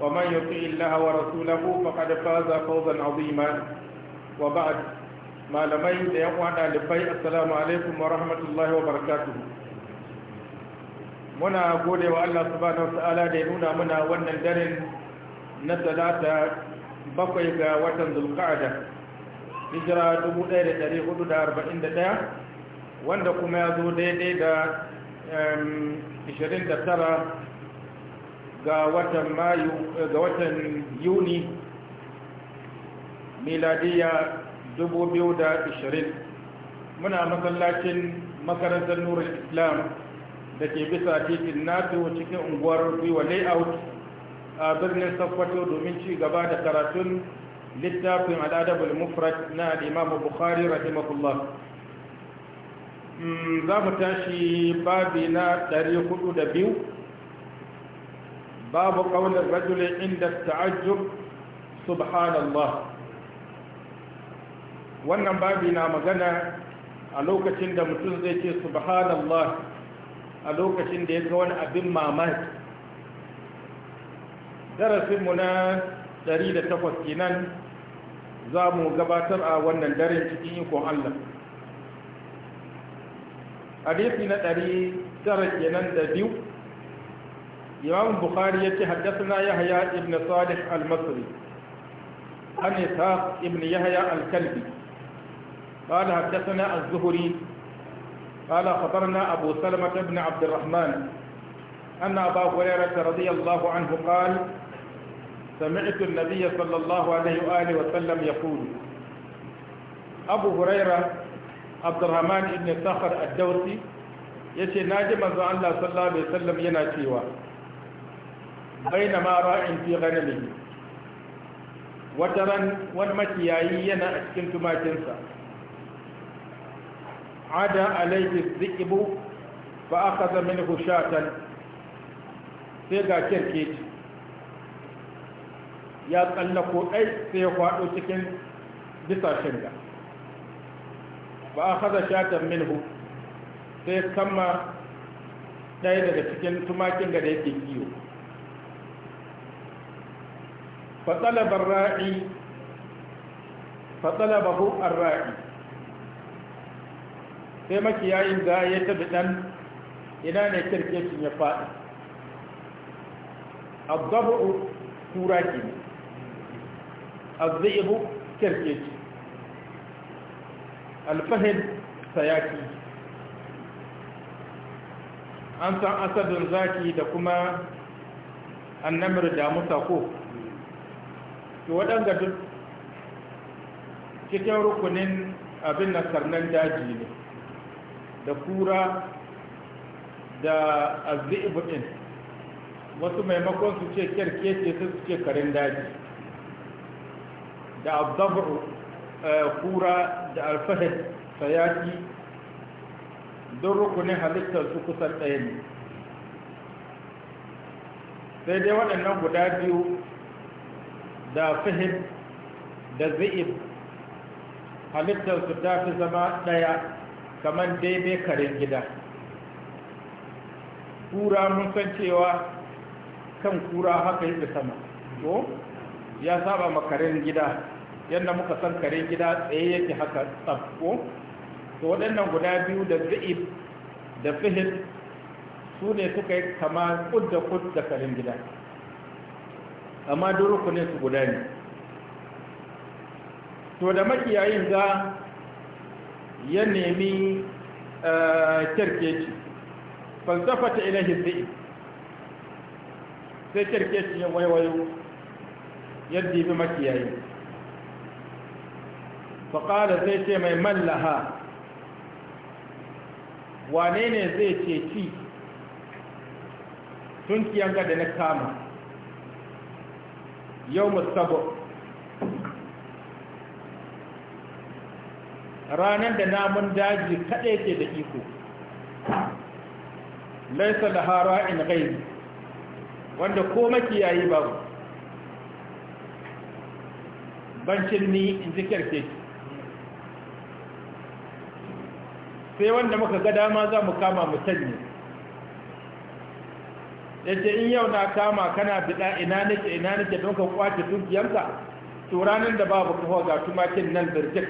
ومن يطع الله ورسوله فقد فاز فوزا عظيما وبعد ما malamai da ya uwa dalibai assalamu alaikum wa rahmatullahi wa barakatuh muna gode wa Allah subhanahu ta'ala da ya nuna muna wannan dare na talata bakwai ga watan zulqa'ada hijira 1441 wanda kuma ya zo daidai da 29 ga watan mayu ga watan yuni miladiya 2020 muna masallacin makarantar nurul islam da ke bisa titin nato cikin unguwar gwiwa layout a birnin sokoto domin ci gaba da karatun littafin al'adabul mufrad na al'imamu bukhari rahimahullah hmm, za mu tashi babi na biyu. باب قول الرجل عند التعجب سبحان الله wannan babi na magana a lokacin da mutum zai ce subhanallah a lokacin da ya ga wani abin mamaki darasinmu na 108 kenan za mu gabatar a wannan daren cikin ikon Allah hadisi na 900 kenan da biyu imam bukhari yace haddathana yahya ibn salih al-masri an ishaq ibn yahya al-kalbi قال حدثنا الزهري قال خبرنا أبو سلمة بن عبد الرحمن أن أبا هريرة رضي الله عنه قال سمعت النبي صلى الله عليه وآله وسلم يقول أبو هريرة عبد الرحمن بن صخر الدوسي يشي ناجم الله صلى الله عليه وسلم يناتيوا bayna ma ra'in fi ghanamihi ran wani makiyayi yana a cikin sa ada alayhi zikibu fa akhadha minhu shatan sai ga kirkeci ya tsallako ɗai sai ya kwaɗo cikin bisashen da ba a haza shatan minhu sai kama ɗaya daga cikin tumakin da yake kiyo فطلب الراعي فطلبه الراعي sai makiyayin da ya tabi dan ina ne kirkecin ya faɗi abdabu kura ke ne azzibu kirkeci alfahin sayaki an san asadin zaki da kuma annamir damusa ko to waɗanda duk cikin rukunin abin na karnan daji ne da kura da azzi'ibin wasu maimakon su ce kyarkece su ce karin daji da abdabar eh, kura da alfahis sayaki don rukunin halittar su kusan ɗaya ne sai dai waɗannan guda biyu da fahim da zai'ib halittarsu ta fi zama ɗaya kamar daidai karin gida kura mun san cewa kan kura haka yi sama to ya saba ma karin gida yadda muka san karin gida tsaye yake haka tsabko to waɗannan guda biyu da zai'ib da fahim su ne suka yi kama ƙudda-ƙudda karin gida amma duk rukunin su guda ne to da makiyayin za ya nemi eh, kirkeci falsafa ta ilahi zai sai kirkeci ya waiwayo yadda yi makiyayi faƙala zai ce mai mallaha wane ne zai ce ci tunkiyanka da na kama yau musabo ranar da namun daji kaɗai ke da iko laisa da hara in gaibi wanda ko makiyayi babu bancin ni in ji kyarke sai wanda muka ga dama za mu kama mu sanya yace in yau na kama kana bida ina nake ina nake don ka kwace dukiyanka to ranar da babu kafa ga tumakin nan birjik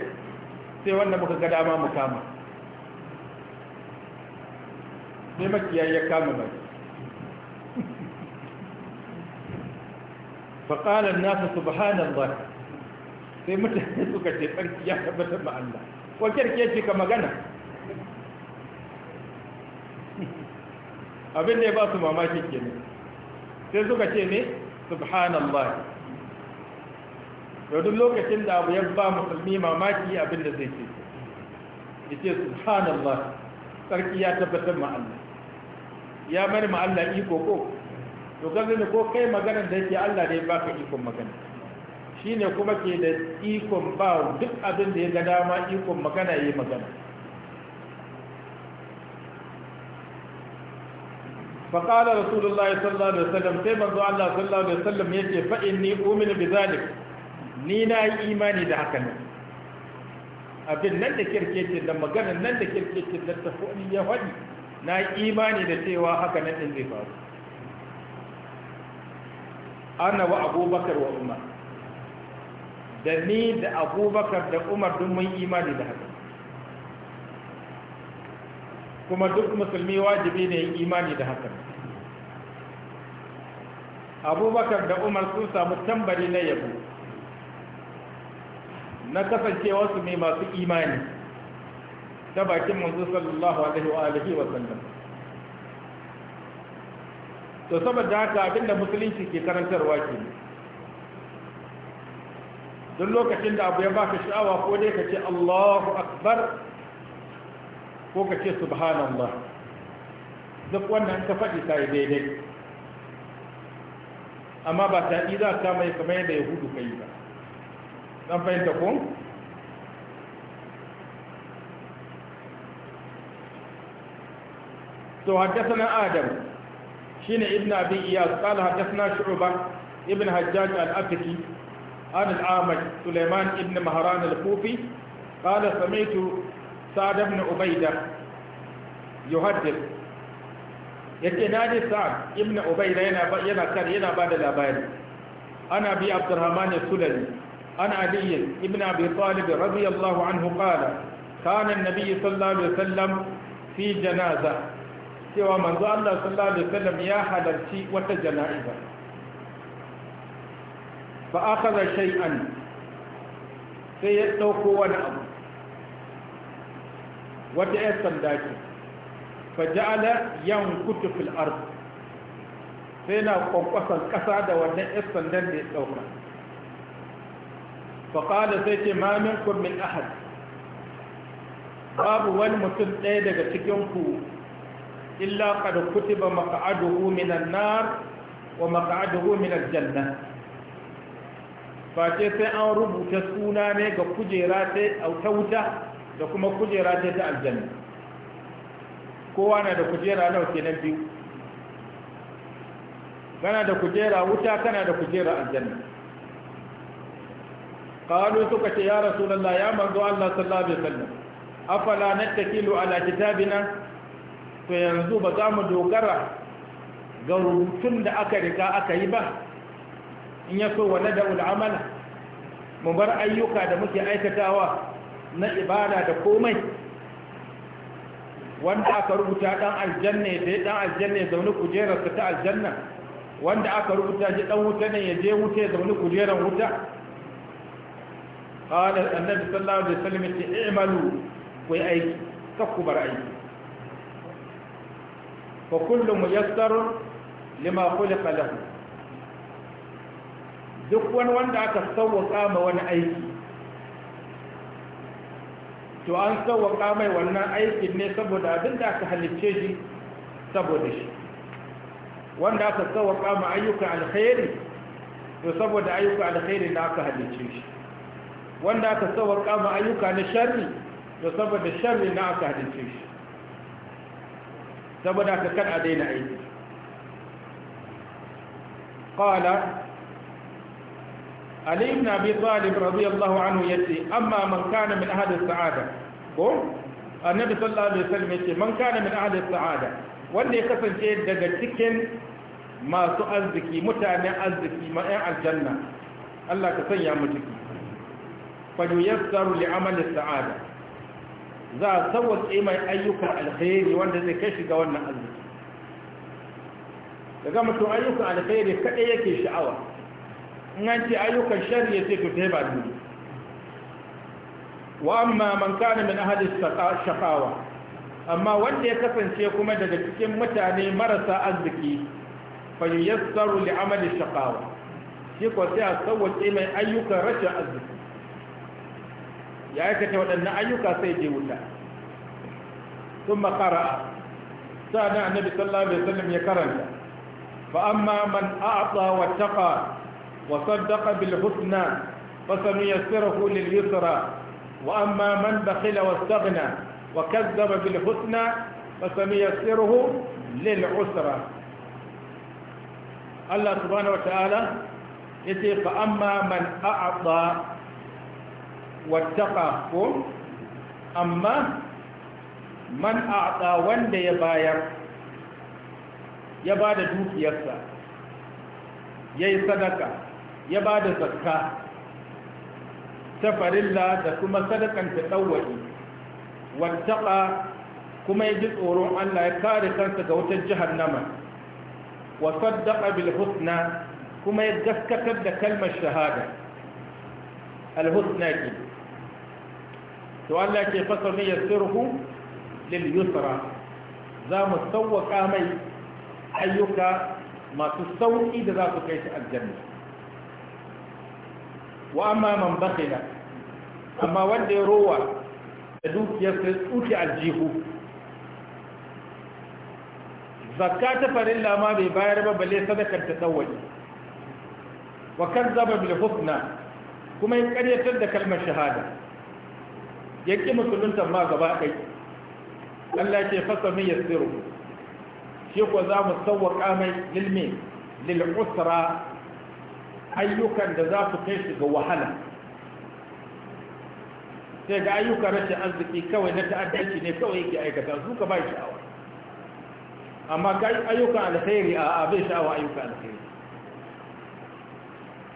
sai wanda muka ga dama mu kama sai makiyayi ya kama mai فقال ba سبحان الله sai mutane suka ce tsarki ya tabbata ma Allah wakil ke ce ka magana abin da ya ba su mamaki kenan sai suka ce ne subhanallah to duk lokacin da abu ya ba musulmi mamaki abin da zai ce ce subhanallah sarki ya tabbatar ma Allah ya mani ma Allah iko ko to gazi ne ko kai maganar da yake Allah da ya baka ikon magana shine kuma ke da ikon ba duk abin da ya ga dama ikon magana ya yi magana فقال رسول الله صلى الله عليه وسلم سيما الله صلى الله عليه وسلم يتي فإني أؤمن بذلك نينا إيماني ده حكنا abin nan da kirkece da maganar nan da kirkece da tafi ya faɗi na imani da cewa haka nan zai faru ana wa abubakar wa umar da ni da abubakar da umar dun mun imani da haka kuma duk musulmi wajibi ne yi imani da hakan abubakar da umar sun samu tambari na yabo na kasancewa su ne masu imani ta bakin manzo sallallahu alaihi wa alihi wa sallam to saboda haka abinda musulunci ke karantarwa ke duk lokacin da abu ya baka sha'awa ko dai ka ce Allahu akbar ko ka ce subhanallah duk wannan ka faɗi ta yi daidai amma ba ta yi za ta mai kamar da ya hudu kai ba don fahimta ko. to haddasa na adam shine ne ibn abin iya tsala haddasa na shu'uba ibn hajjaj al-afiki an al'amaj suleiman ibn maharan al-kufi قال sa'ad ibn ubaida yuhaddith yace nadi sa'ad ibn ubaida yana yana kar yana ba da labari ana bi abdurrahman sulali ana ali ibn abi talib radiyallahu anhu qala kana an-nabiy sallallahu alaihi wasallam fi janaza cewa manzo Allah sallallahu alaihi wasallam ya halarci wata jana'iza fa akhadha shay'an sai ya ɗauko wani abu wata ‘yar sanda ce faja'ala yan kutu fil ardu sai na kwankwasan ƙasa da wannan ‘yar sandan da ya ɗauka faƙada sai ce mamin kurmin ahad babu wani mutum ɗaya daga cikinku illa kada kutiba maka'aduhu minan nar wa maka'aduhu minan janna face sai an rubuta suna ne ga kujera ta wuta da kuma kujera ta ta aljanna kowa na da kujera nawa kenan biyu kana da kujera wuta kana da kujera aljanna qalu suka ce ya rasulullah ya manzo Allah sallallahu alaihi wasallam afala natakilu ala kitabina to yanzu ba za mu dogara ga rubutun da aka riga aka yi ba in ya so wa nada'ul amala mu bar ayyuka da muke aikatawa na ibada da komai wanda aka rubuta dan aljanna ya je dan aljanna ya zaune kujerarsa ta aljanna wanda aka rubuta shi dan wuta ne ya je wuta ya zaune kujerar wuta annabi قال النبي صلى الله عليه aiki, اعملوا bar aiki. fa kullu muyassar lima khuliqa lahu duk wani wanda aka sauwaka ma wani aiki to an sauwaka mai wannan aikin ne saboda abin da aka halicce shi saboda shi wanda aka sauwaka ma ayyukan alkhairi to saboda ayyukan alkhairi da aka halicce shi wanda aka sauwaka ma ayyuka na sharri to saboda sharri na aka halicce shi saboda aka kan a daina aiki qala Ali ibn Abi Talib radiyallahu anhu yace amma man kana min ahli sa'ada ko annabi sallallahu alaihi wasallam yace man kana min ahli sa'ada wanda ya kasance daga cikin masu arziki mutanen arziki ma'an aljanna Allah ka sanya mu ciki fa yuyassaru li amali sa'ada za a sauwaƙe mai ayyukan alkhairi wanda zai kai shiga wannan arziki daga mutum ayyukan alkhairi kaɗai yake sha'awa in an ce ayyukan shari ya ce to ta ba duni wa amma man kana min ahli shaqawa amma wanda ya kasance kuma daga cikin mutane marasa arziki fa yassaru li amali shaqawa shi ko sai a sauwace mai ayyukan rashin arziki ya aikata waɗannan ayyuka sai je wuta ثم قرأ سأل النبي صلى الله عليه وسلم amma فأما من أعطى واتقى وصدق بالحسنى فسنيسره لليسرى وأما من بخل واستغنى وكذب بالحسنى فسنيسره للعسرى الله سبحانه وتعالى يتي فأما من أعطى واتقى أما من أعطى وند يباير يبادر دوكيسا يي صدقه ya ba da zakka ta farilla da kuma sadakanta ɗauwaɗi wattaƙa kuma ya ji tsoron Allah ya kare kansa ga wutar jihar nama Wasan bil husna kuma ya gaskatar da kalmar shahada al husna ki to Allah ke fasa ne yasirhu lil yusra za mu sawwaka mai ayyuka masu sauƙi da za su kai shi aljanna wa amma man bakhila amma wanda ya rowa da dukiyarsa ya tsuke aljihu zakka ta farin lama bai bayar ba balle sadakar ta tsawali wa zaba bil husna kuma ya karyatar da kalmar shahada ya ƙi musulunta ma gaba ɗai Allah ce fasa min ya shi ko za mu sauwaƙa mai lilmi lil'usra ayyukan da za su kai su ga wahala sai ga ayyukan rashin arziki kawai na ta'addanci ne kawai yake aikata su ka ba sha'awa amma ka ayyukan alkhairi a abin sha'awa ayyukan alkhairi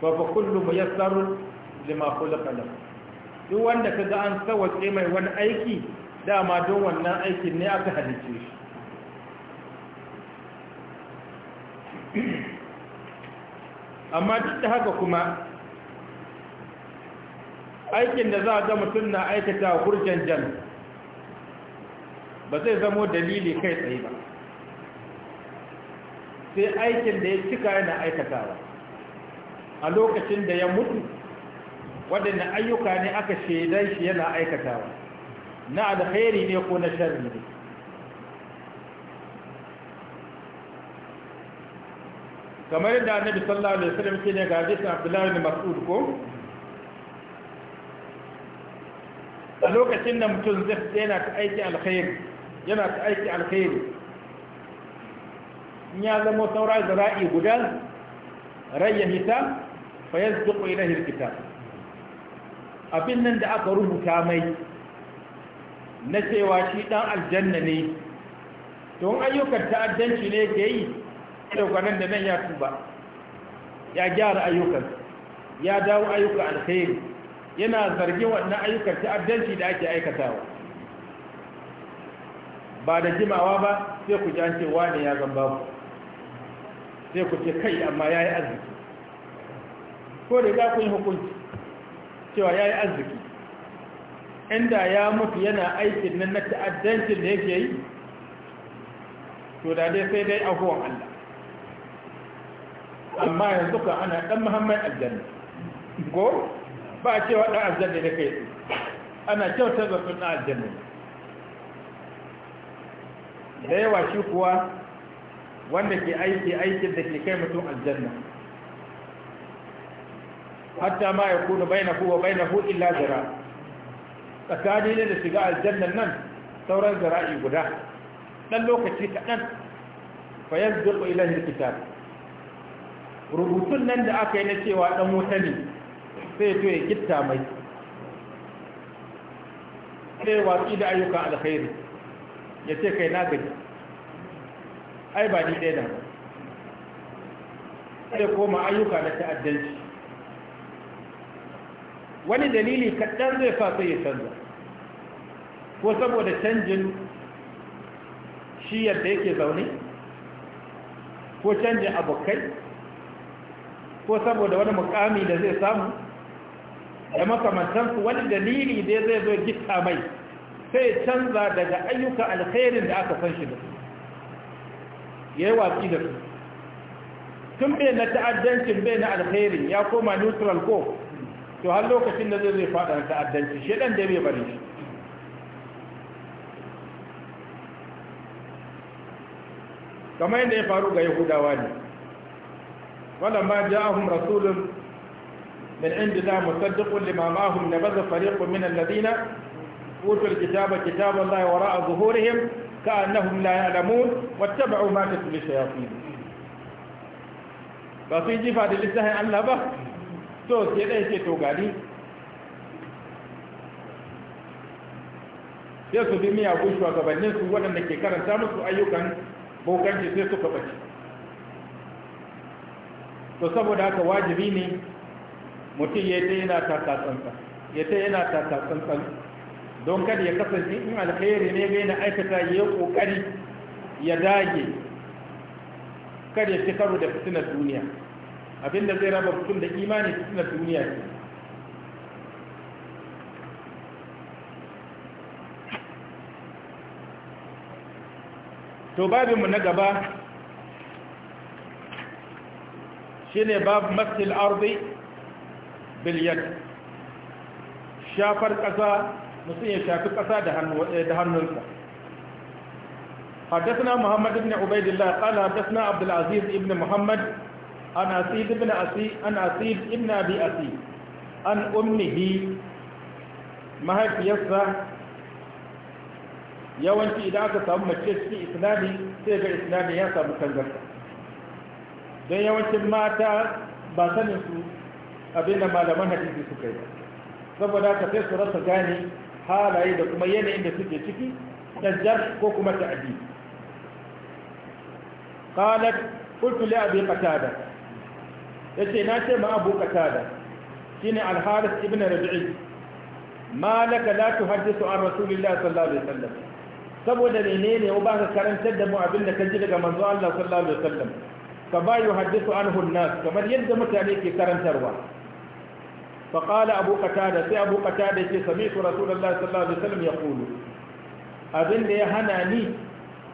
fa fa kullu muyassar lima kula kalam duk wanda ka ga an sawace mai wani aiki dama don wannan aikin ne aka halice shi amma duk da haka kuma aikin da za a ga mutum na aikata hurjan jan ba zai zamo dalili kai tsaye ba sai aikin da ya cika yana aikatawa a lokacin da ya mutu waɗanda ayyuka ne aka shaidai shi yana aikatawa na alkhairi ne ko na shari'a kamar yadda annabi sallallahu alaihi wasallam ce ne ga hadisin abdullahi bin mas'ud ko a lokacin da mutum zai yana ta aiki alkhairi yana ta aiki alkhairi in ya zama saura zara'i guda rayya hita fa yasduqu ilayhi alkitab abin nan da aka rubuta mai na cewa shi dan aljanna ne don ayyukan ta'addanci ne ke yi da kwanan da nan ya tuba ya gyara ayyukan ya dawo ayyukan alkhairi yana zargin wannan ayyukan ta'addanci da ake aikatawa ba da jimawa ba sai ku jance wani ya zamba ku sai ku ce kai amma ya yi arziki ko da za ku yi hukunci cewa ya yi arziki inda ya mutu yana aikin nan na ta'addancin da yake yi to da dai sai dai huwan Allah amma yanzu ka ana dan muhammad aljanna ko ba cewa dan aljanna ne kai ana kyautar da sun aljanna da yawa shi kuwa wanda ke aiki aikin da ke kai mutum aljanna hatta ma ya kuna bai na kuwa bai na hu illa zira tsakani ne da shiga aljannan nan sauran zira'i guda dan lokaci kaɗan fayar zurɓa ilahin kitab rubutun nan da aka yi na cewa ɗan wuta ne sai to ya kitta mai sai watsi da ayyukan alkhairi ya ce kai na gani ai ba ni ɗaya na sai koma ayyuka na ta'addanci wani dalili kaɗan zai sa sai ya canza ko saboda canjin shi yadda yake zaune ko canjin abokai ko saboda wani mukami da zai samu da makamantansu wani dalili da zai zo gita mai sai canza daga ayyuka alkhairin da aka san shi da su ya yi watsi da su tun bai na ta'addancin bai na alkhairin ya koma neutral ko to har lokacin da zai zai fada na ta'addancin shi dan da bai bari shi kamar yadda ya faru ga yahudawa ne ولما جاءهم رسول من عند الله مصدق لما معهم نبذ فريق من الذين اوتوا الكتاب كتاب الله وراء ظهورهم كانهم لا يعلمون واتبعوا ما تتلو الشياطين بس يجي فهد لسه ان لبا تو سيدي تو غالي Sai su bi miya gushuwa gabanin su waɗanda ke karanta musu ayyukan bokanci sai suka bace. to saboda haka wajibi ne mutum ya ta yana takatsantsan ya ta yana takatsantsan don kada ya kasance in alkhairi ne bai na aikata ya yi kokari ya dage kada ya ci karo da fitinar duniya abinda zai raba mutum da imani fitinar duniya ce to babinmu na gaba شنو باب مس الارض باليد شافر قصا مسيح شافر قصا دهن دهن حدثنا محمد بن عبيد الله قال حدثنا عبد العزيز بن محمد عن اسيد بن اسي عن اسيد بن ابي اسي عن امه ما هي يوانتي اذا اتى مكه في اسنادي سيف اسنادي يا ابو كنزرته don yawancin mata ba sanin su abin da malaman hadisi suka yi saboda ka sai su rasa gane halaye da kuma yanayin da suke ciki jar ko kuma ta'adi qalat qultu li abi qatada yace na ce ma abu qatada shine al harith ibn rabi'i ma laka la tuhaddithu an rasulillah sallallahu alaihi wasallam saboda menene ba ka karantar da mu abinda kaji daga manzo Allah sallallahu alaihi wasallam kama yuhaddisu anhu an kamar yadda mutane ke karantarwa fa qala abu sai abu qatada yake sami'tu rasulullahi sallallahu alaihi wasallam yaqulu abin da ya hana ni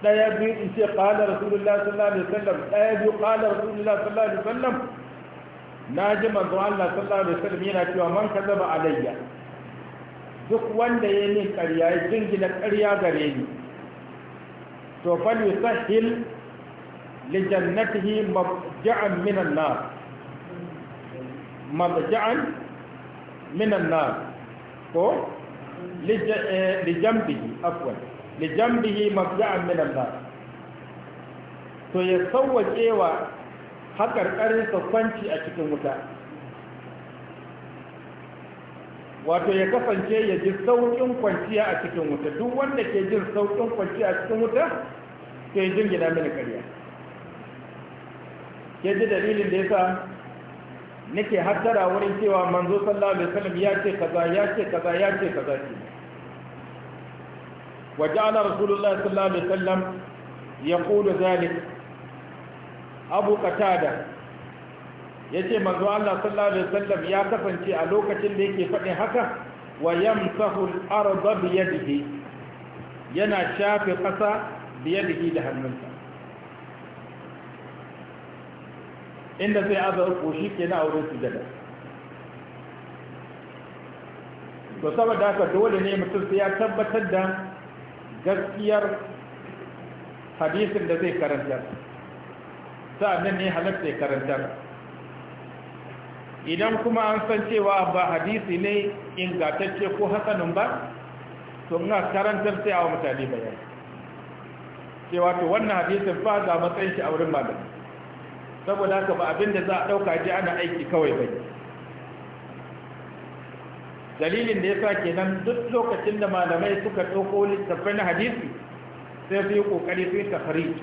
daya biyu in ce qala rasulullahi sallallahu alaihi wasallam biyu qala rasulullahi sallallahu alaihi na ji manzo Allah sallallahu alaihi wasallam yana cewa man kazaba alayya duk wanda ya yi ƙarya ya jingina ƙarya gare ni to lijannatihi mabja'an minan nar mabja'an minan nar ko lijambihi afwan lijambihi mabja'an minan nar to ya sauwaƙewa haƙarƙarinsa kwanci a cikin wuta wato ya kasance ya ji sauƙin kwanciya a cikin wuta duk wanda ke jin sauƙin kwanciya a cikin wuta to ya jin gida mini ƙarya ke ji dalilin da yasa nake hattara wurin cewa manzo sallallahu alaihi wasallam ya ce kaza ya ce kaza ya ce kaza ce wa ja'ala rasulullahi sallallahu alaihi wasallam yaqulu zalik abu qatada yace manzo Allah sallallahu alaihi wasallam ya kasance a lokacin da yake faɗin haka wa yamsahu al-ardha bi yadihi yana shafe ƙasa bi yadihi da hannunsa inda zai aza shi ke na aure su sujada to saboda haka dole ne mutum sai ya tabbatar da gaskiyar hadisin da zai karanta sa'annan ne halatta ya karanta idan kuma an san cewa ba hadisi ne ingantacce ko hasanin ba to ina karantar sai a mutane bayani cewa to wannan hadisin ba za matsayin shi a wurin malami saboda haka ba abin da za a ɗauka ji ana aiki kawai bai dalilin da ya sa kenan duk lokacin da malamai suka ɗauko littattafai na hadisi sai su yi ƙoƙari su yi tafari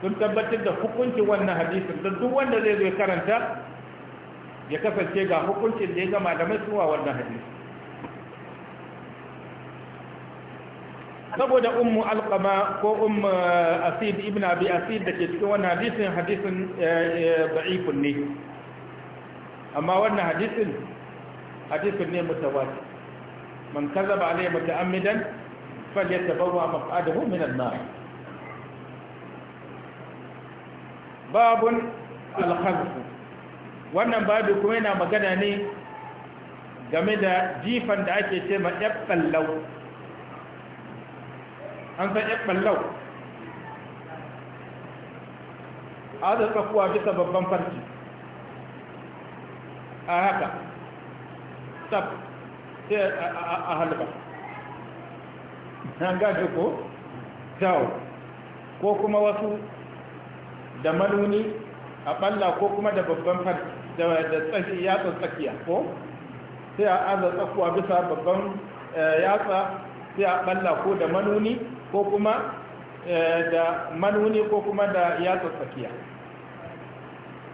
sun tabbatar da hukuncin wannan hadisi don duk wanda zai zo karanta ya kasance ga hukuncin da ya ga malamai suwa wannan hadisi saboda ummu alqama ko ummu eh, asid ibn abi asid da ke cikin wannan hadisin hadisin eh, eh, da'ifun ne amma wannan hadisin hadisin ne mutawatir man kazaba alayhi muta'ammidan falyatabawwa maq'adahu min an-nar babun al-khazf wannan babu kuma yana magana ne game da jifan da ake ce ma yaqallau an san yan ɓallau a da tsakuwa bisa babban farki a haka tsab sai a halba nan gaji ko jawo ko kuma wasu da manuni a balla ko kuma da babban farki da tsaki yatsa tsakiya ko sai a aza tsakuwa bisa babban eh, yatsa sai a balla ko da manuni ko kuma eh, da manuni ko kuma da yatsa tsakiya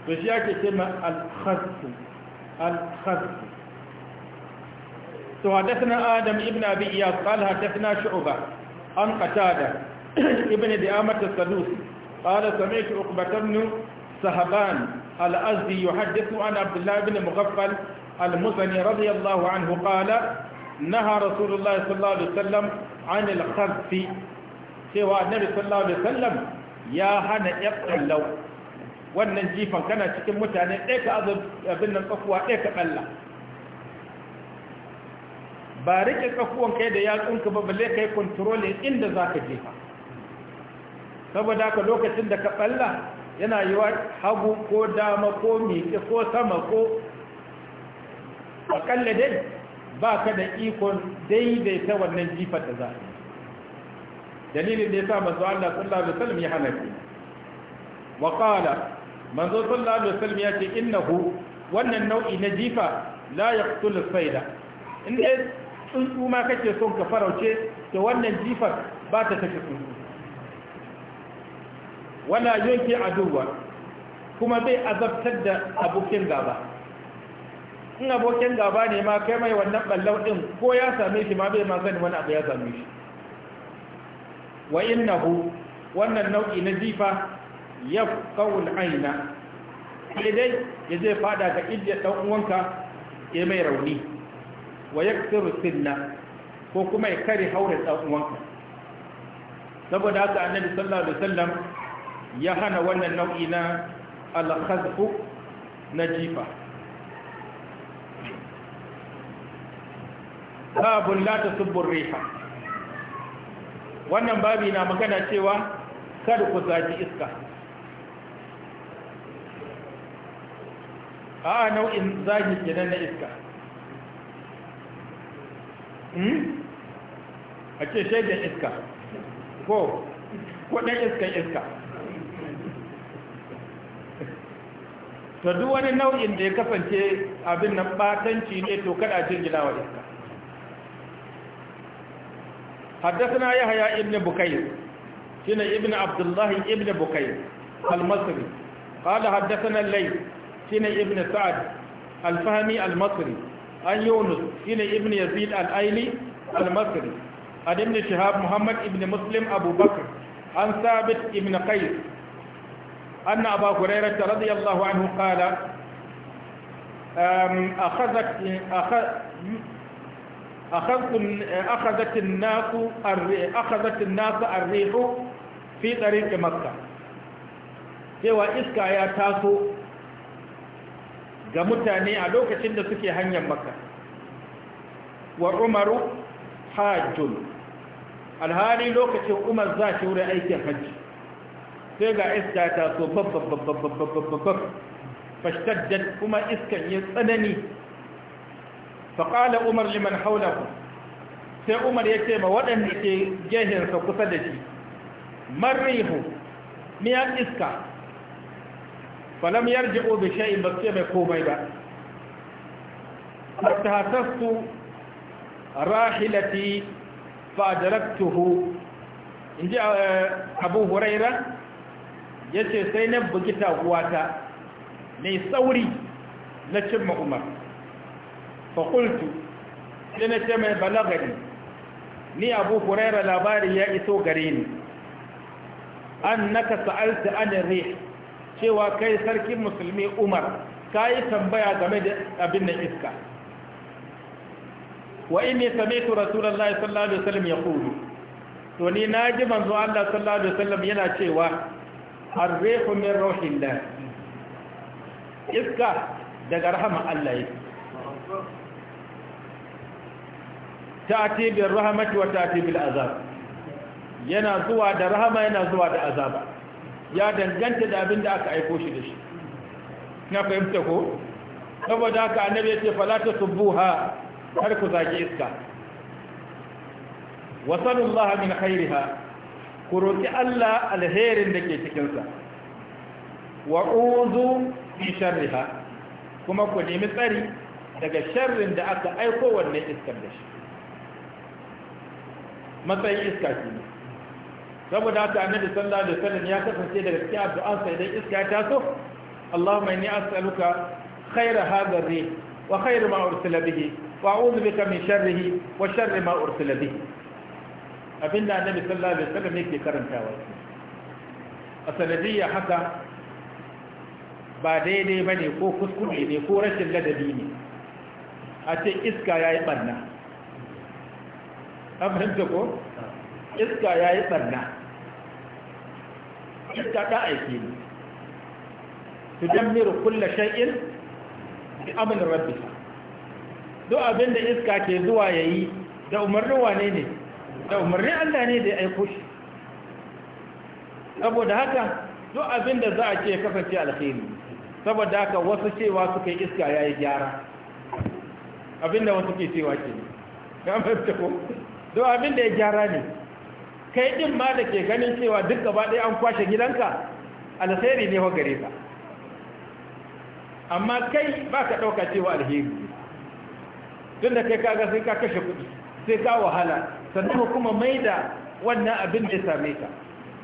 to shi ake ce ma al-khassu al-khassu to hadathna adam ibn abi iyas qala hadathna shu'ba an qatada ibn di'amat as-sadus qala sami'tu uqbah ibn sahaban al-azdi yuhaddithu an abdullah ibn mughaffal al-muzani radiyallahu anhu qala نهى رسول الله صلى الله عليه وسلم anil kharfi cewa annabi sallallahu alaihi wasallam ya hana yaqallau wannan jifan kana cikin mutane ɗaya ka abin nan tsakuwa ɗaya ka ɓalla ba rike tsakuwan kai da yatsunka ba balle kai kontrolin inda za ka jefa saboda ka lokacin da ka ɓalla yana yi wa hagu ko dama ko miƙe ko sama ko aƙalla dai ba ka da ikon daidaita wannan jifar da za a dalilin da ya sa manzo Allah sallallahu alaihi wasallam ya hana ki wa qala manzo sallallahu alaihi wasallam ya ce innahu wannan nau'i na jifa la yaqtul sayda in dai tsuntsu ma kake son ka farauce to wannan jifar ba ta tafi tsuntsu wala yunki aduwa kuma bai azabtar da abokin gaba in abokin gaba ne ma kai mai wannan ɓallau ɗin ko ya same shi ma bai ma wani abu ya same shi wa innahu wannan nau'i na jifa yafqaul aina sai dai ya zai fada ga ijiyar dan uwanka ya mai rauni wa yaktiru sinna ko kuma ya kare haurin dan uwanka saboda haka annabi sallallahu alaihi wasallam ya hana wannan nau'i na al na jifa babun la tasubbur riha wannan babi na magana cewa kada ku zaji iska a nau'in zaji kenan na iska hmm? a ce shaidan iska ko kudin iskan iska to duk wani nau'in da ya kasance abin nan batanci ne to kada jirgina wa iska حدثنا يحيى ابن بكير شنو ابن عبد الله ابن بكير المصري قال حدثنا الليث شنو ابن سعد الفهمي المصري عن يونس شنو ابن يزيد الايلي المصري عن ابن شهاب محمد ابن مسلم ابو بكر عن ثابت ابن قيس أن أبا هريرة رضي الله عنه قال أخذت أخذ أخذت الناس أخذت الناس الريح في طريق مكة cewa iska ya taso ga mutane a lokacin da suke hanyar maka wa umaru hajjun alhali lokacin umar za shi wurin aikin hajji sai ga iska ta so babbabbabbabbabbab kuma iskan ya tsanani faƙala umar liman haulahu sai umar ya ce ma waɗanda ke gehensa kusa da shi marrihu miya iska falam yarji'u bi shay'in ba su mai komai ba fattahasastu rahilati fa in ji eh, abu huraira yace sai na bugi taguwata mai sauri na cimma umar fakultu sai na ce mai balagari ni abu huraira labari ya iso gare ni an naka sa'alta an rih cewa kai sarkin musulmi umar ka yi tambaya game da abin da iska wa inni sami'tu rasulullahi sallallahu alaihi wasallam yaqulu to ni ji manzo Allah sallallahu alaihi wasallam yana cewa ar-rihu min ruhillah iska daga rahama Allah yake ta'ati bir rahmati wa ta'ati bil azab yana zuwa da rahama yana zuwa da azaba ya danganta da abin da aka aiko shi da shi na fahimta ko saboda haka annabi yace fala tasubbuha har ku zaki iska wa sallallahu min khairiha ku roki Allah alherin da ke cikin sa wa uzu fi sharriha kuma ku nemi tsari daga sharrin da aka aiko wannan iskar da shi matsayin iska ce saboda haka annabi sallallahu alaihi wasallam ya kasance daga cikin addu'an sa idan iska ya taso Allahumma inni as'aluka khayra hadha ar-rih wa khayra ma ursila bihi wa a'udhu bika min sharrihi wa sharri ma ursila bihi abinda annabi sallallahu alaihi wasallam yake karantawa a sanadiyya haka ba daidai bane ko kuskure ne ko rashin ladabi ne a ce iska yayi barna amince ko iska ya yi ɓarna iska ta aiki ne su jamiru kulla sha'in da amin rabbi duk abin da iska ke zuwa ya yi da umarnin wane ne da umarnin allah ne da ya aiko shi saboda haka duk abin da za a ce kasance alheri saboda haka wasu cewa suka yi iska ya yi gyara abin da wasu ke cewa ke ne ya mafi don abin da ya gyara ne kai ɗin ma da ke ganin cewa duk gaba ɗaya an kwashe gidanka alheri ne wa gare ka amma kai ba ka ɗauka cewa alheri tun da kai kaga sai ka kashe kuɗi sai ka wahala sannan kuma mai da wannan abin da ya same ka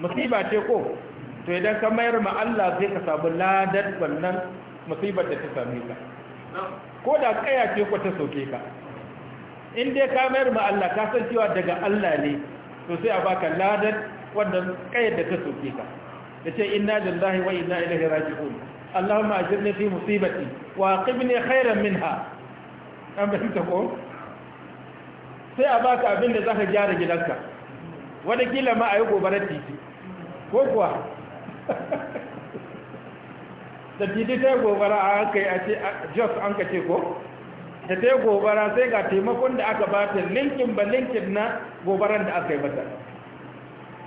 musiba ce ko to idan ka mayar ma Allah zai ka samu ladar wannan musibar da ta same ka ko da kaya ce ko ta soke ka in dai ka mayar ma Allah ka san cewa daga Allah ne to sai a baka ladan wannan kayar da ka soke ka yace inna lillahi wa inna ilaihi raji'un Allahumma ajirni fi musibati wa aqibni khairan minha an bai ta ko sai a baka abin da zaka gyara gidanka wani kila ma ayi gobarar titi ko kuwa da titi ta gobara a kai a ce jos an ka ce ko da ta yi gobara sai ga taimakon da aka ba ta linkin ba linkin na gobaran da aka yi mata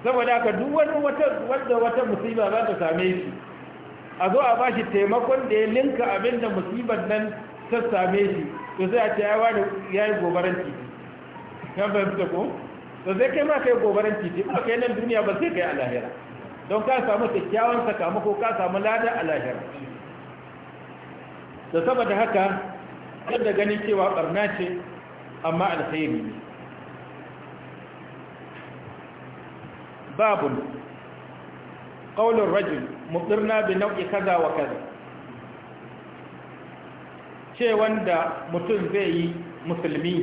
saboda aka duk wani wadda wata musiba za ta same shi a zo a ba shi taimakon da ya linka abin da musibar nan ta same shi to sai a ce yawa da ya yi gobaran titi kan fahimta ko to sai kai ma kai gobaran titi ba kai nan duniya ba sai kai a lahira don ka samu kyakkyawan sakamako ka samu lada a lahira da saboda haka duk ganin cewa barna ce amma alkhairi ne babun qaulur rajul mudirna bi nau'i kaza wa kaza ce wanda mutum zai yi musulmi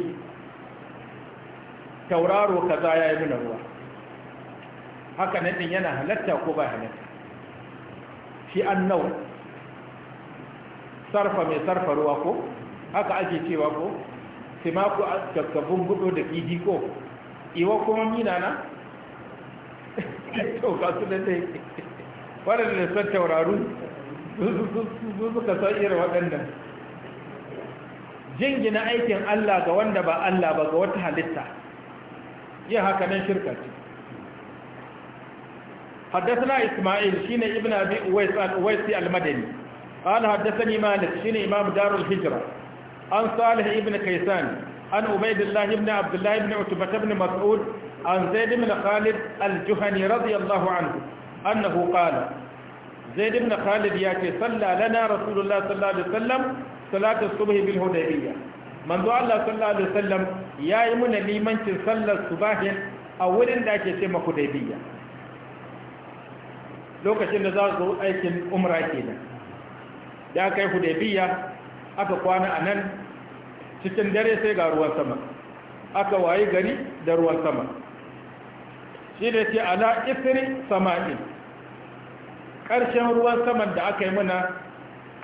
tauraro kaza ya yi nuna ruwa haka din yana halatta ko ba halatta shi an nau sarfa mai sarfa ruwa ko haka ake cewa ko ma ku kakkabun budo da kiji ko iwa kuma mina na to ka su da dai waɗanda sun tauraru su suka san irin waɗannan jingina aikin Allah ga wanda ba Allah ba ga wata halitta yin haka nan shirka ce حدثنا إسماعيل شين ابن أبي أويس الأويسي المدني قال حدثني مالك شين إمام دار الهجرة an salih ibn kaisan an ubaidillah ibn abdullah ibn utbah ibn mas'ud an zaid ibn khalid al-juhani radiyallahu anhu annahu qala zaid ibn khalid yace salla lana rasulullah sallallahu alaihi wasallam salatu subhi bil hudaybiyah manzo Allah sallallahu alaihi wasallam yayi muna limancin sallar subahin a wurin da ake ce maku daibiyya lokacin da za su aikin umra kenan da aka yi hudaybiyya aka kwana a nan cikin dare sai ga ruwan sama aka wayi gari da ruwan sama shi da ce ala isri sama'i ƙarshen ruwan saman da aka yi muna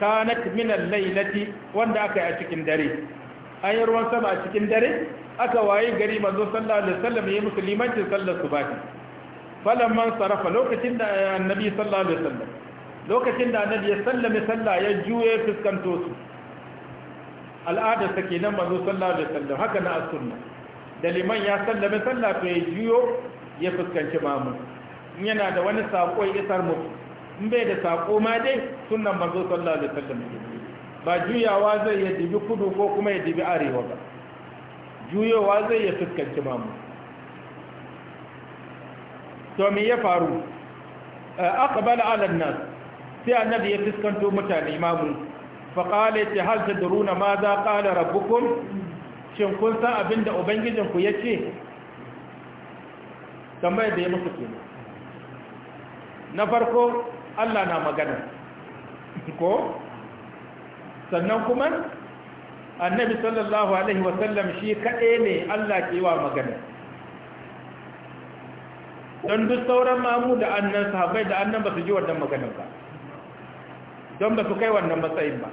kanat minan lailati wanda aka yi a cikin dare an yi ruwan sama a cikin dare aka wayi gari manzo sallallahu alaihi wasallam ya musu limancin sallar subahi falamman sarafa lokacin da annabi sallallahu alaihi wasallam lokacin da annabi ya sallame sallah ya juye fuskantosu al'adar ta kenan manzo sallar da wasallam haka na as da liman ya sallame sallah ta ya juyo ya fuskanci mamu in yana da wani sako isar mu in bai da sako ma dai sunnan manzo sallallahu da wasallam ba juyawa zai ya dibi kudu ko kuma ya dibi arewa ba juyowa zai ya fuskanci mamu to me ya faru eh, Aka ala nas sai annabi ya fuskanto mutane mamu faƙale ce hal ta duruna ma za ƙala rabbukun shin kun san abin da ubangijinku ya ce tambayar da ya musu ke na farko allah na magana ko sannan kuma annabi sallallahu alaihi wasallam shi kaɗe ne allah ke wa magana don duk sauran mamu da annan sahabai da annan ba su ji wannan maganin ba don ba su kai wannan matsayin ba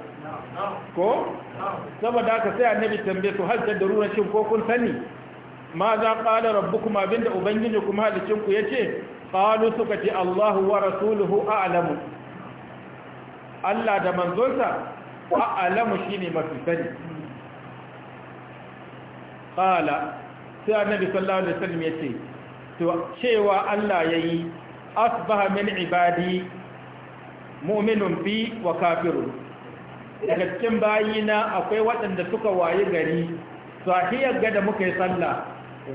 ko saboda ka sai annabi tambaye su da tadruna shin ko kun sani ma za qala rabbukum abinda ubangiji kuma halicin ku yace qalu suka ce Allahu wa rasuluhu a'lamu Allah da manzonsa a'lamu shine mafi sani qala sai annabi sallallahu alaihi wasallam yace to cewa Allah yayi asbaha min ibadi mu'minun bi wa kafirun daga cikin bayina akwai waɗanda suka waye gari a ga da muka yi sallah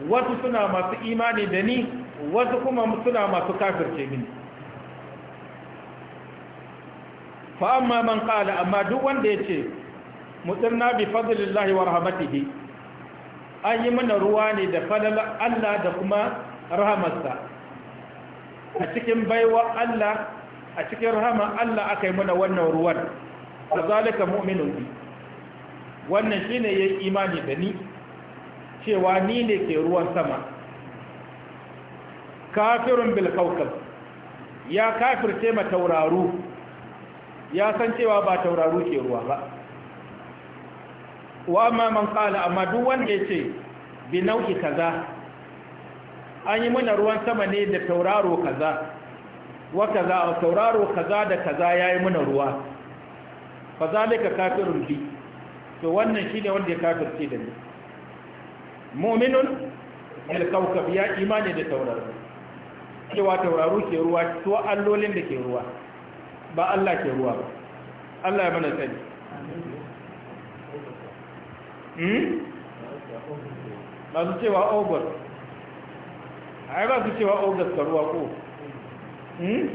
wasu suna masu imani da ni wasu kuma suna masu kafirce mini fa amma man qala amma duk wanda yace mutanna bi fadlillahi wa rahmatihi an yi mana ruwa ne da fadal Allah da kuma rahamarsa a cikin baiwa Allah a cikin rahama Allah aka yi mana wannan ruwan kazalika mu'minun bi wannan shine yayi imani da ni cewa ni ne ke ruwan sama kafirun bil kawkab ya kafirce ma tauraru ya san cewa ba tauraru ke ruwa ba wa amma man qala amma duk wanda yace bi nau'i kaza an yi mana ruwan sama ne da tauraro kaza wa kaza tauraro kaza da kaza yayi mana ruwa fa zalika kafirun bi to wannan shine wanda ya kafirce da ni mu'minun al kawkab ya imani da tauraro cewa tauraro ke ruwa to allolin da ke ruwa ba Allah ke ruwa ba Allah ya mana sani hmm? masu cewa ogor ai ba su cewa ogor ka ruwa ko hmm?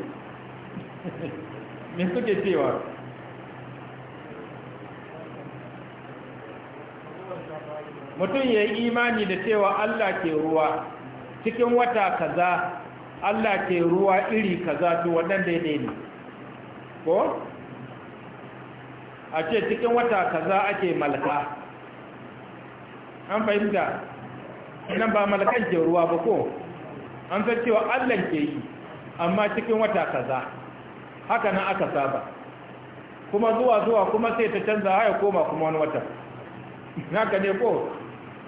me suke cewa mutum ya yi imani da cewa Allah ke ruwa cikin wata kaza Allah ke ruwa iri kaza to wannan daidai ne ko a ce cikin wata kaza ake malaka an fahimta nan ba malakan ke ruwa ba ko an san cewa Allah ke yi amma cikin wata kaza haka nan aka saba kuma zuwa zuwa kuma sai ta canza haya koma kuma wani wata naka ne ko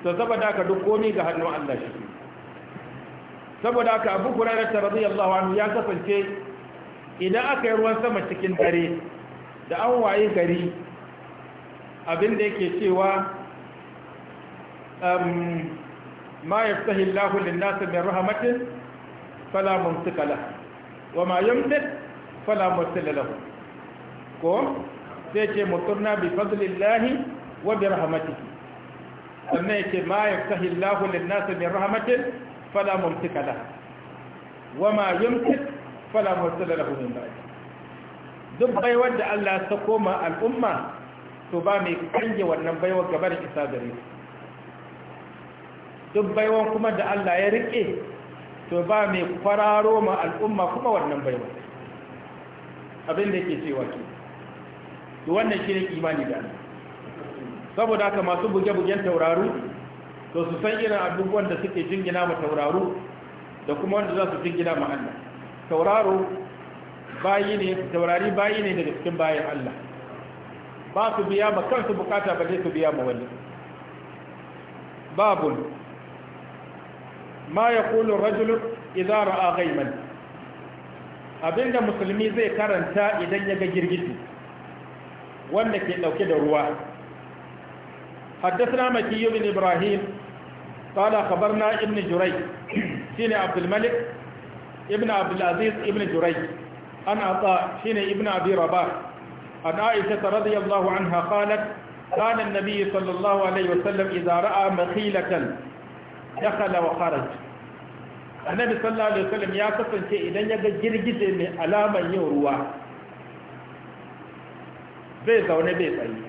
to da ka duk komai ga hannun Allah shi saboda haka Abu Hurairah radiyallahu anhu ya kasance idan aka yi ruwan sama cikin dare da an waye gari abinda da yake cewa um ma yaftahi Allahu lin-nasi min rahmatin fala mumsika lahu wa ma yumsik fala mursila lahu ko sai ce mutunna bi fadlillahi wa bi rahmatihi sannan yake ma ya Allahu lin-nas min rahmatin fala mumsika lah wa ma yumsik fala mursila lahu min ba'd duk baiwar da Allah ta koma al'umma to ba mai kange wannan baiwar gabar isa gare duk baiwar kuma da Allah ya rike to ba mai kwararo ma al'umma kuma wannan baiwar abin da yake cewa to wannan shi ne imani da Allah saboda haka masu buge-bugen tauraru to su san irin abubuwan da suke jingina ma tauraru da kuma wanda za su jingina ma Allah tauraro bayi ne taurari bayi ne daga cikin bayan Allah ba su biya ma kansu bukata ba su biya ma wani babul ma yaqulu rajul idza ra'a a gaiman abinda musulmi zai karanta idan ya ga girgiti wanda ke dauke da ruwa حدثنا مكي بن إبراهيم قال خبرنا ابن جريج شين عبد الملك ابن عبد العزيز ابن جريج عن عطاء شين ابن أبي رباح عن عائشة رضي الله عنها قالت كان النبي صلى الله عليه وسلم إذا رأى مخيلة دخل وخرج النبي صلى الله عليه وسلم kasance idan ya ga girgije من alamar yin ruwa bai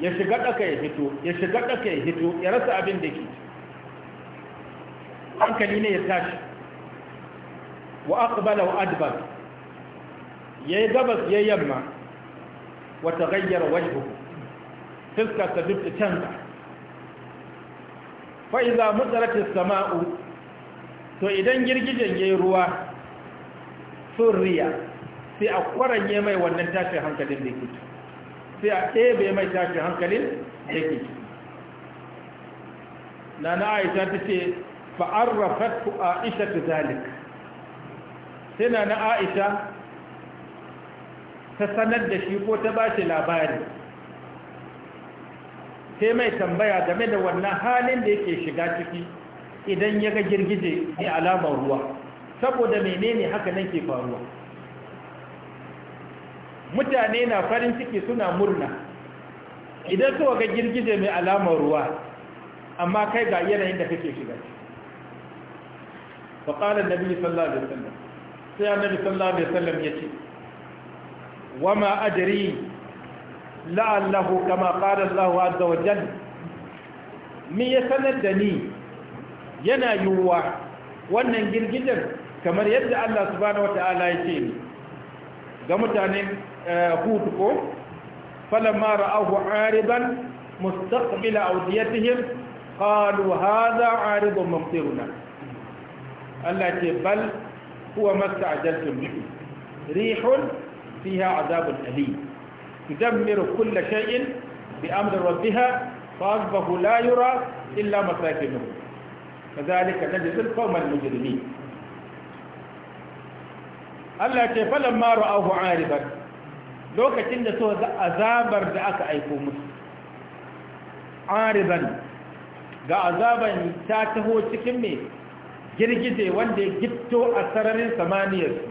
ya shiga ɗaka ya hito ya shiga ɗaka ya hito ya rasa abin da ke hankali ne ya tashi wa aqbala wa adbar yayi gabas yayi yamma wa taghayyara wajhuhu fiska ta dubta canza fa idza mutaratis sama'u to idan girgijen yayi ruwa surriya sai a kwaranye mai wannan tashin hankalin da ke sai a ɗebe mai tashi hankalin da ciki na na aisha ta ce fa'arrafat ku aisha ta zalik sai na na aisha ta sanar da shi ko ta ba shi labari sai mai tambaya game da wannan halin da yake shiga ciki idan ya ga girgije ne alamar ruwa saboda menene haka nan ke faruwa mutane na farin ciki suna murna idan suka ga girgije mai alamar ruwa amma kai ga yanayin da kake shiga fa qala annabi sallallahu alaihi wasallam sai annabi sallallahu alaihi wasallam wa ma adri la'allahu kama qala Allahu azza wa jalla me ya sanar da ni yana yiwuwa wannan girgijen kamar yadda Allah subhanahu ta'ala ya ce ga mutanen هود آه، فلما رأوه عارضا مستقبل أوديتهم قالوا هذا عارض ممطرنا التي بل هو ما استعجلتم به ريح فيها عذاب أليم تدمر كل شيء بأمر ربها فأصبحوا لا يرى إلا مساكنه كذلك نجد القوم المجرمين الله فلما رأوه عارضا lokacin da suka ga azabar da aka aiko musu ariban ga azaban ta taho cikin mai girgije wanda ya gitto a sararin samaniyarsu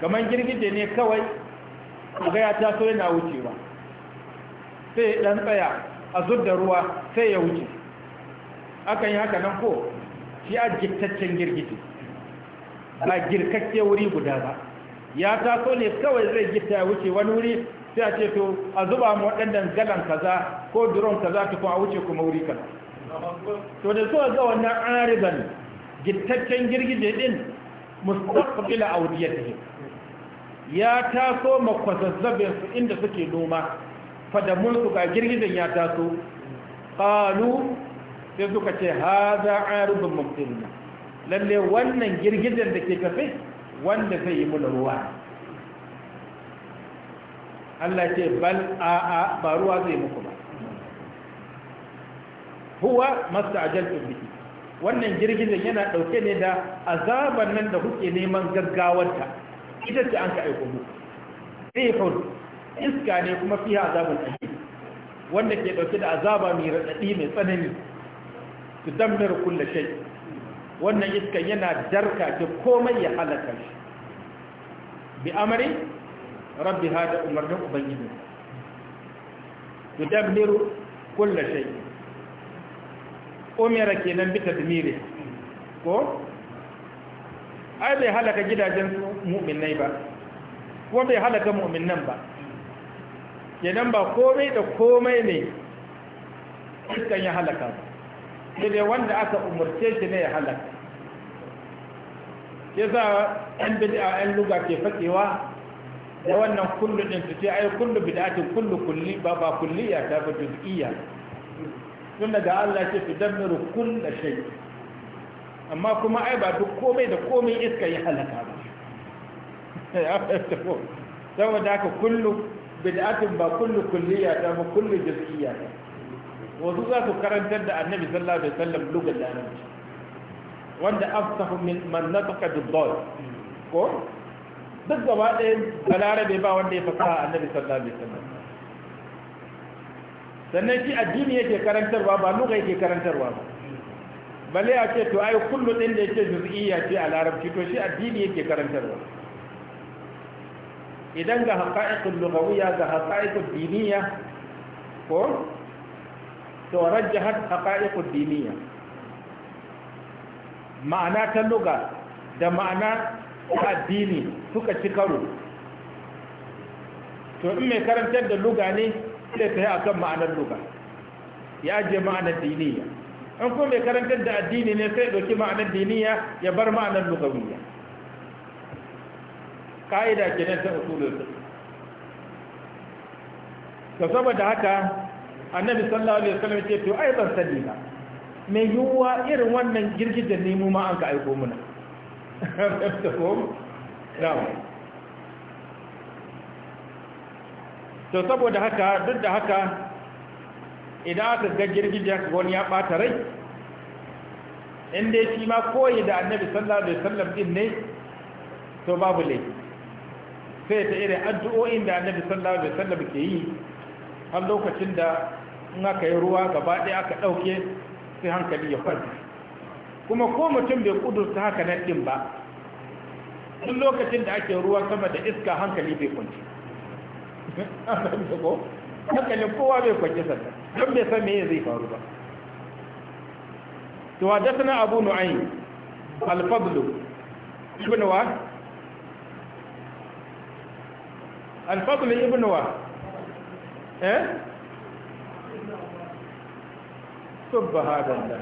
kamar girgije ne kawai ga ya taso yana wucewa sai dan tsaya a da ruwa sai ya wuce akan yi haka nan ko shi a gittaccen girgije ba girkakke wuri guda ba ya taso ne kawai zai gita ya wuce wani wuri sai a ce to a zuba mu waɗannan galan kaza ko duron kaza ta kuma a wuce kuma wuri kaza to da so ga wannan ariban gittaccen girgije din mustaqbil awdiyatihi ya taso makwazazzabin su inda suke noma da mulku ga girgijen ya taso qalu sai suka ce hadha aribun mumtirna lalle wannan girgijen da ke tafe wanda zai yi muna ruwa Allah ce bal a ba ruwa zai muku ba huwa masta'jaltu bihi wannan girgizan yana ɗauke ne da azaban nan da kuke neman gaggawarta ita ce an ka aiko muku rihun iska ne kuma fiya azabun wanda ke ɗauke da azaba mai raɗaɗi mai tsanani tudammiru kulle shay' wannan iskan yana darka ta komai ya halaka shi bi amri rabbi hada umarnin ubangiji tudabbiru kullu shay umira kenan bi tadmiri ko ai bai halaka gidajen mu'minai ba ko bai halaka mu'minan ba kenan ba komai da komai ne iskan ya halaka ba sai dai wanda aka umarce shi ne ya halaka ke za a yan bid'a yan luga ke fakewa da wannan kullu din su ce ai kullu bid'atin kullu kulli ba ba ya ta ba juz'iyya tun daga Allah ce fi damiru kullu shay amma kuma ai ba duk komai da komai iska ya halaka ba ya fahimta ko saboda haka kullu bid'atin ba kullu ya ta ba kullu juz'iyya ta wasu za su karantar da annabi sallallahu alaihi wasallam lugar larabci wanda afsahu min man nataka bid-dal ko duk gaba ɗaya balarabe ba wanda ya fasaha annabi sallallahu alaihi wasallam sannan shi addini yake karantarwa ba luga yake karantarwa ba bale a ce to ai kullu din da yake juz'iyya ce a larabci to shi addini yake karantarwa idan ga haqa'iqul lughawiyya ga haqa'iqul diniyya ko to rajjahat haqa'iqud diniya, ma'ana ta luga da ma'ana addini suka ci karo to in mai karantar da luga ne sai ta yi akan ma'anar luga ya je ma'anar diniya an ko mai karantar da addini ne sai ɗauki ma'anar diniya ya bar ma'anar lugawiya ka'ida kenan ta usulul fiqh to saboda haka annabi sallallahu alaihi wasallam ce to ai ban sani ba me yuwa irin wannan girgijen ne mu ma an ka aiko muna to saboda haka duk da haka idan aka ga girgijen wani ya bata rai in dai shi ma koyi da annabi sallallahu alaihi wasallam din ne to babu laifi sai ta irin addu'o'in da annabi sallallahu alaihi wasallam ke yi har lokacin da in aka yi ruwa gaba ɗaya aka ɗauke sai hankali ya kwanta kuma ko mutum bai kudurta haka na ɗin ba duk lokacin da ake ruwa sama da iska hankali bai kwanci hankalin kowa bai kwanci sannan don bai san meye zai faru ba to hadathana abu nu'ayi al-fadl ibn wa al ibn wa eh subhanallah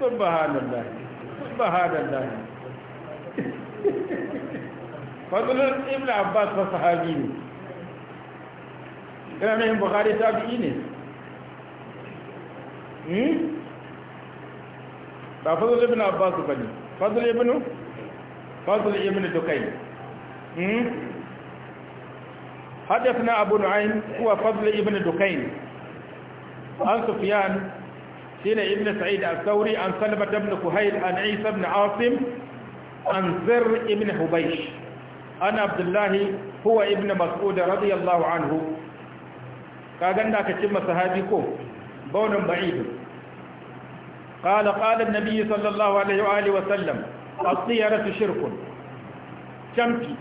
subhanallah subhanallah fadlul ibn abbas fa sahabi ne ne bukhari tabi'i ne hmm ba fadlul ibn abbas bane fadlul ibn fadlul ibn dukai hmm حدثنا أبو نعيم هو فضل ابن دكين عن سفيان سين ابن سعيد الثوري عن سلمة بن كهيل عن عيسى بن عاصم عن زر ابن هبيش عن عبد الله هو ابن مسعود رضي الله عنه كأن ذاك تم صحابيكم بون بعيد قال قال النبي صلى الله عليه وآله وسلم الطيرة شرك شمكي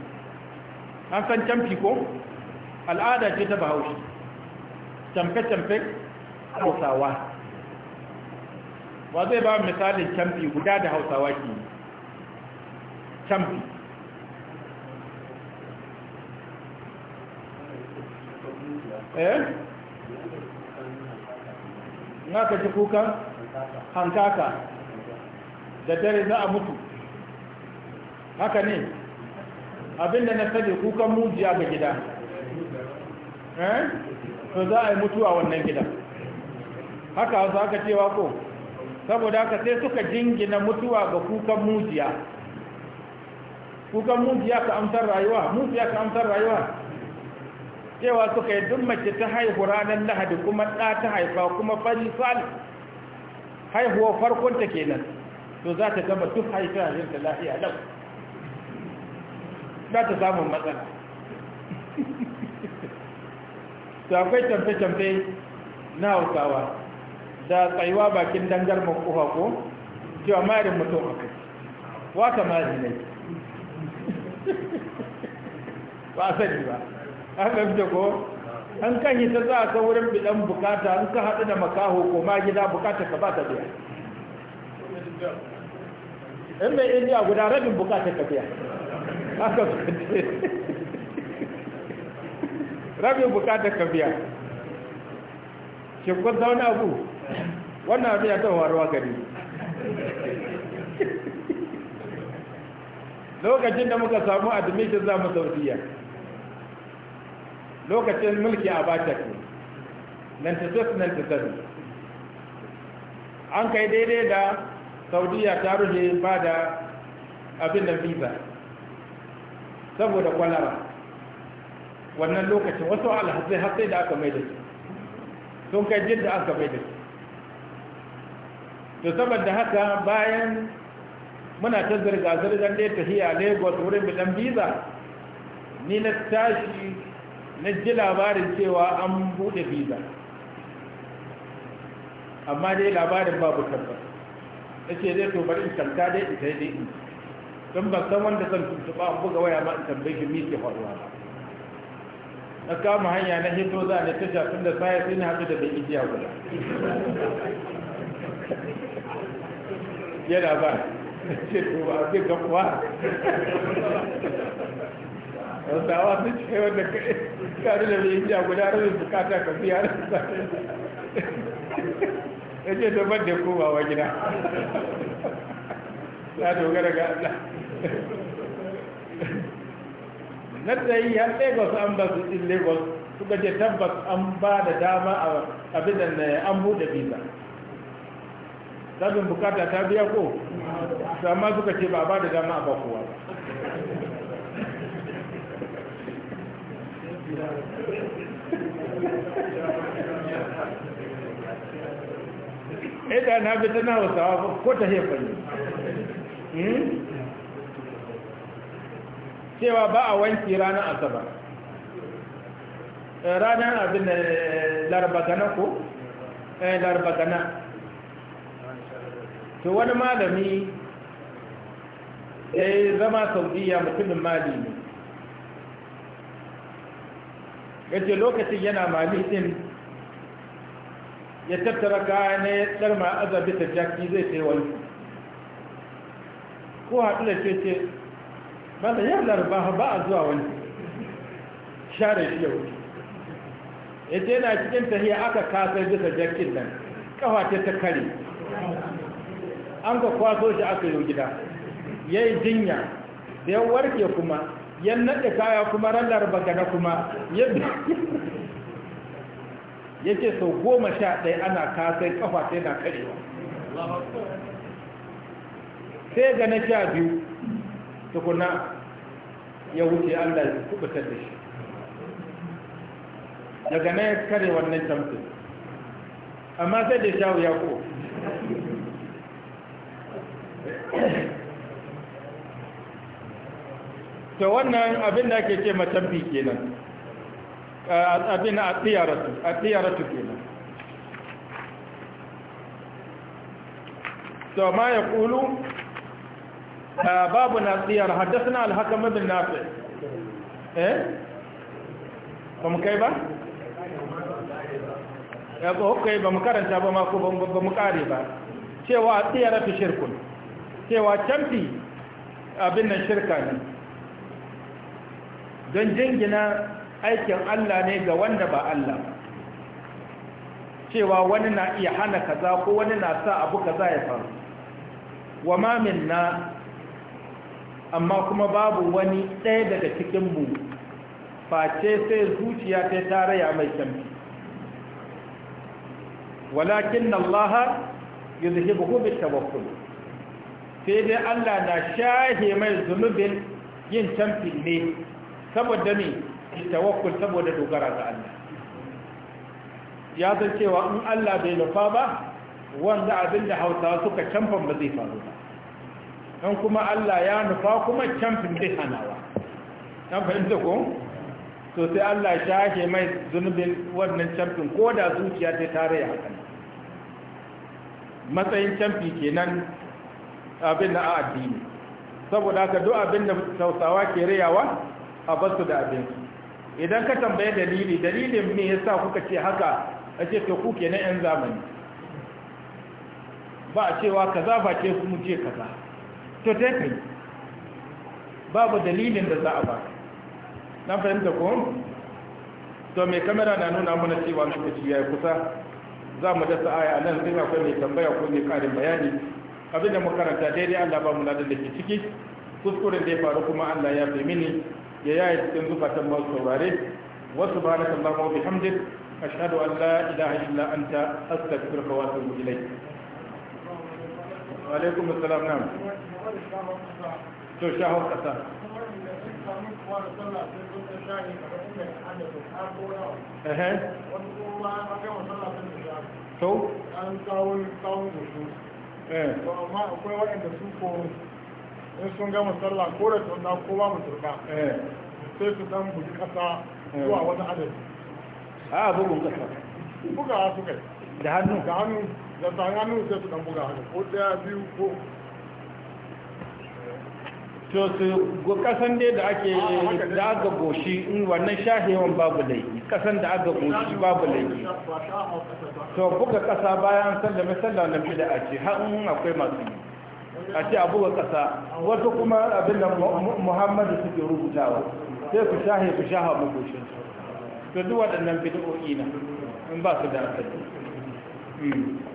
an san camfi ko al'ada ce ta bahaushe camfe-camfe hausawa wa zai ba misalin camfi guda da hausawa ke camfi eh na ka ci kukan hankaka da dare za a mutu haka ne abinda na sani kukan mujiya ga gida Eh? to za a yi mutuwa wannan gidan haka wasu haka cewa ko saboda haka sai suka jingina mutuwa ga kukan mujiya kukan mujiya ka amsar rayuwa mujiya ka amsar rayuwa cewa suka yi duk mace ta haihu ranar lahadi kuma ɗa ta haifa kuma fari sal haihuwa ta kenan to za ta gama duk haifin ta lafiya lau za ta samun matsala to akwai camfe-camfe na hausawa da tsayuwa bakin dangar makuwa ko cewa marin mutum a kai wata mari ne ba sani ba an fahimta ko an kan yi ta za a wurin bidan bukata an ka haɗu da makaho ko ma gida bukata ka ba ta biya in mai indiya guda rabin bukata ka biya haka su rabin bukatar ka biya shi kun zaune abu wannan abu ya tawo ruwa gari lokacin da muka samu admission za mu saudiya lokacin mulki a bata ku 96-97 an kai daidai da saudiya ta rufe ba da abin da visa saboda kwalara wannan lokacin wasu alhassai har sai da aka mai da su sun kai jidda aka mai da su to saboda haka bayan muna ta zirga-zirgar da tafiya lagos wurin bidan biza ni na tashi na ji labarin cewa an bude biza amma dai labarin babu tabbas na ce zai to bari in tanta dai in sai dai in don ban san wanda zan tuntuɓa an buga waya ma in tambayi shi mi ke faruwa ba na kama hanya na hito za a ta shafin da sai sai na haɗu da bai ijiya guda yana ba ce to ba ce ga kuwa awa sun ce wanda kare da bai ijiya guda rabin bukata ka biya da sa ya ce daban da kowa wa gida ya dogara ga Allah na yi har lagos an ba su ɗin lagos suka ce tabbas an ba da dama a abin da an buɗe visa sabin bukata ta biya ko amma suka ce ba ba da dama a ba ita na bi tana wasawa ko ta hefa ne hmm? cewa ba a wanki ranar asaba eh, ranar abin eh, larbagana ko eh, larbagana to wani malami ya zama saudiya mutumin mali ne yace lokacin yana mali din ya tattara kaya na ya tsarma azabi ta jaki zai sai wani ko haɗu da ce ce ba da larba ba a zuwa wani share shi yau. ya ce yana cikin tahiya aka kasar bisa jakin nan kafa ta ta kare an ka kwaso shi aka yi gida ya yi jinya da ya warke kuma ya naɗe kaya kuma ran larba gana kuma ya ce sau goma sha ɗaya ana kasai kafa ta yana karewa sai ga na sha biyu tukuna ya wuce Allah ya kubutar da shi daga na ya kare wannan tamfin amma sai da shawo ya ko ta wannan abin da ake ce matambi kenan abin a tsiyaratu kenan to ma ya kulu babu nasiyar haddasa alhakam ibn nafi eh ba mu kai ba ya ko kai ba mu karanta ba ma ko ba mu kare ba cewa tsiyaratu shirkun cewa canfi abin nan shirka ne don jingina aikin Allah ne ga wanda ba Allah cewa wani na iya hana kaza ko wani na sa abu kaza ya faru wa ma minna amma kuma babu wani ɗaya daga cikinmu face sai zuciya ta taraya mai kyamfi walakin Allah ya zuhi buhubin tawakkul sai dai Allah na shahe mai zunubin yin camfi ne saboda ne tawakkul saboda dogara ga Allah ya san cewa in Allah bai nufa ba wanda abinda hausawa suka camfan ba zai faru ba dan kuma Allah ya nufa kuma camfin zai hanawa an fahimta ko to sai Allah ya shahe mai zunubin wannan camfin ko da zuciya ta tare ya hakan matsayin ke kenan abin na addini saboda haka duk abin da tausawa ke rayawa a basu da abin idan ka tambaye dalili dalilin me yasa kuka ce haka a ce to ku kenan yan zamani ba a cewa kaza ba ce mu ce kaza to tafi babu dalilin da za a ba na fahimta ko to mai kamera na nuna mana cewa lokaci ya yi kusa za mu dasa aya a nan sai akwai mai tambaya ko mai karin bayani abin da makaranta daidai allah ba mu na da ke ciki kuskuren da ya faru kuma allah ya fi mini ya yaya cikin zukatan masu saurare wasu ba na kallon mawabi hamdin ashadu an la ilaha illa anta astaghfiruka wa atubu alaikum assalam nan to shaho kasa ehe to an kawo waɗanda ko sun gama sallah ko da tunda ko ba mu eh. sai su dan buji kasa eh. zuwa a ah, bugun kasa su kai da hannu da hannu da ta hannu sai su dan buga hannu ko biyu ko to su kasan dai da ake ah, da aka goshi in wannan shahewan babu laifi kasan da aka goshi babu laifi to buga kasa bayan sallame sallah nan bida a ce har in akwai masu yi a ce a buga kasa wasu kuma abin da muhammadu suke rubutawa sai ku shahe ku shaha magoshin to duk waɗannan bid'o'i na in ba su da asali 嗯。